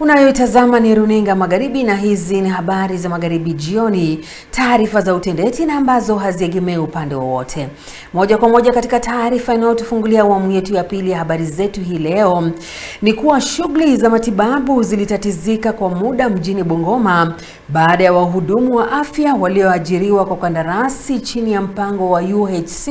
Unayoitazama ni Runinga Magharibi na hizi ni habari za Magharibi jioni, taarifa za utendeti na ambazo haziegemei upande wowote. Moja kwa moja katika taarifa inayotufungulia awamu yetu ya pili ya habari zetu hii leo ni kuwa shughuli za matibabu zilitatizika kwa muda mjini Bungoma baada ya wahudumu wa afya walioajiriwa kwa kandarasi chini ya mpango wa UHC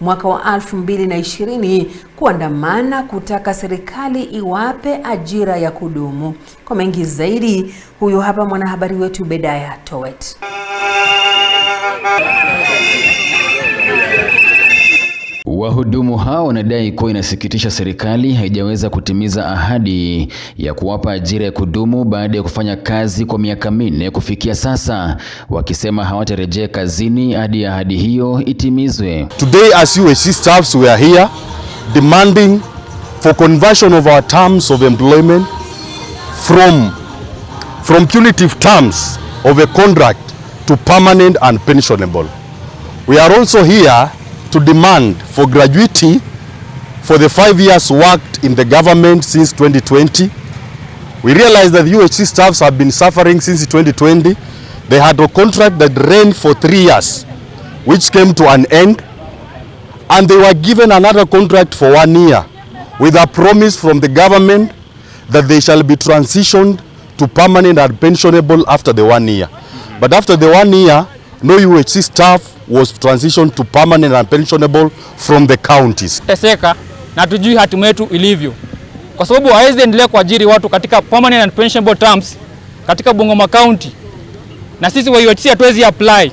mwaka wa 2020 kuandamana kutaka serikali iwape ajira ya kudumu. Kwa mengi zaidi, huyu hapa mwanahabari wetu Bedaya Towet. Wahudumu hao wanadai kuwa inasikitisha serikali haijaweza kutimiza ahadi ya kuwapa ajira ya kudumu baada ya kufanya kazi kwa miaka minne kufikia sasa, wakisema hawatarejea kazini hadi ahadi hiyo itimizwe. Today as you staffs we are here demanding for conversion of our terms of employment from, from punitive terms of a contract to permanent and pensionable. We are also here to demand for gratuity for the five years worked in the government since 2020. We realize that UHC staffs have been suffering since 2020. They had a contract that ran for three years, which came to an end and they were given another contract for one year with a promise from the government that they shall be transitioned to permanent and pensionable after the one year. But after the one year, no UHC staff was transitioned to permanent and pensionable from the counties. Teseka na tujui hatima yetu ilivyo, kwa sababu hawezi endelea kuajiri watu katika permanent and pensionable terms katika Bungoma County, na sisi wa UHC hatuwezi apply.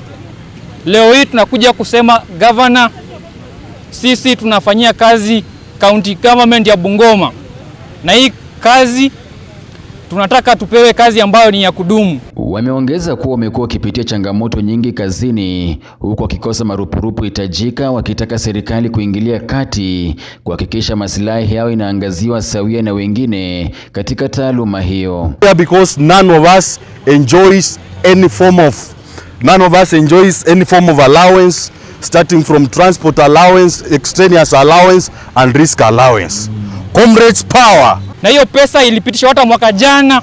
Leo hii tunakuja kusema governor sisi tunafanyia kazi county government ya Bungoma, na hii kazi tunataka tupewe kazi ambayo ni ya kudumu. Wameongeza kuwa wamekuwa wakipitia changamoto nyingi kazini, huku wakikosa marupurupu hitajika, wakitaka serikali kuingilia kati kuhakikisha maslahi yao inaangaziwa sawia na wengine katika taaluma hiyo. Because none of us enjoys any form of none of us enjoys any form of allowance starting from transport allowance, extraneous allowance and risk allowance. Comrades power. Na hiyo pesa ilipitishwa hata mwaka jana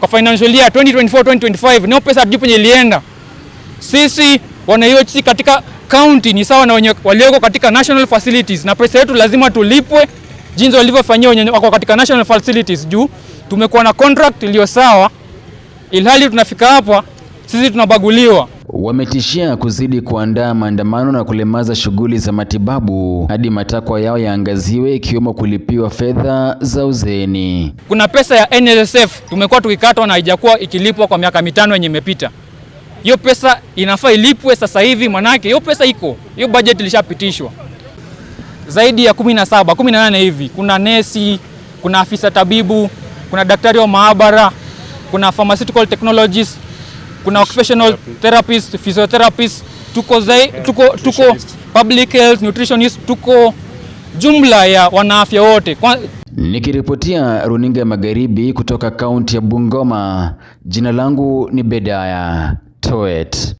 kwa financial year 2024 2025. Nayo pesa hatujupo penye ilienda. Sisi wana IOC katika county ni sawa na wenye walioko katika national facilities, na pesa yetu lazima tulipwe jinsi walivyofanyia wenye wako katika national facilities, juu tumekuwa na contract iliyo sawa, ilhali tunafika hapa sisi tunabaguliwa wametishia kuzidi kuandaa maandamano na kulemaza shughuli za matibabu hadi matakwa yao yaangaziwe, ikiwemo kulipiwa fedha za uzeeni. Kuna pesa ya NSSF tumekuwa tukikatwa na haijakuwa ikilipwa kwa miaka mitano yenye imepita. Hiyo pesa inafaa ilipwe sasa hivi, manake hiyo pesa iko, hiyo bajeti ilishapitishwa zaidi ya 17 18 hivi. Kuna nesi, kuna afisa tabibu, kuna daktari wa maabara, kuna pharmaceutical technologists kuna occupational therapist, physiotherapist, tuko, zai, tuko, tuko public health nutritionist, tuko jumla ya wanaafya wote. Nikiripotia runinga ya Magharibi kutoka kaunti ya Bungoma, jina langu ni Bedaya Toet.